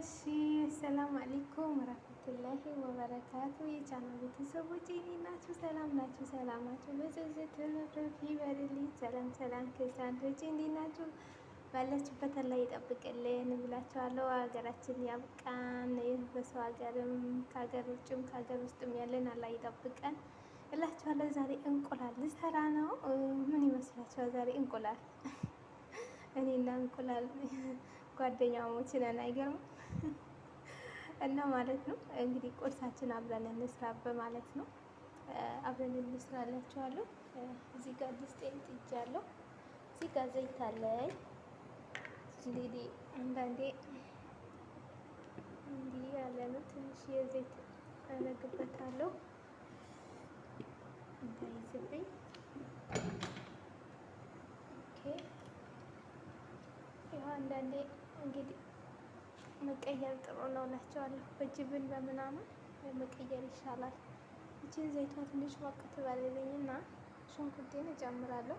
እሺ ሰላም አለይኩም ወራህመቱላሂ ወበረካቱ የቻናል ቤተሰቦች እኔ ናችሁ። ሰላም ናችሁ? ሰላም ናችሁ? በዘዘት ትምህርት ይበልልኝ። ሰላም ሰላም ክርስቲያኖች እንዴት ናችሁ? ባላችሁበት ላይ ይጠብቅልን ብላችኋለሁ። ሀገራችን ያብቃን። በሰው ሀገርም ከሀገር ውጭም ከሀገር ውስጥም ያለን አላህ ይጠብቀን እላችኋለሁ። ዛሬ እንቁላል ልሰራ ነው። ምን ይመስላችኋል? ዛሬ እንቁላል እኔና እንቁላል ጓደኛሞች ነን፣ አይገርምም? እና ማለት ነው እንግዲህ ቁርሳችን አብረን እንስራ በማለት ነው አብረን እንስራ እላችኋለሁ። እዚህ ጋር ድስጤን ጥጃለሁ። እዚህ ጋር ዘይት አለኝ። እንግዲህ አንዳንዴ እንዲህ ያለ ነው። ትንሽ የዘይት አረግበታለሁ። አንዳንዴ እንግዲህ መቀየር ጥሩ ነው እላቸዋለሁ። በጅብን በምናምን መቀየር ይሻላል። ይችን ዘይቷ ትንሽ ሞቅ ትበልልኝና ሽንኩርቴን እጨምራለሁ።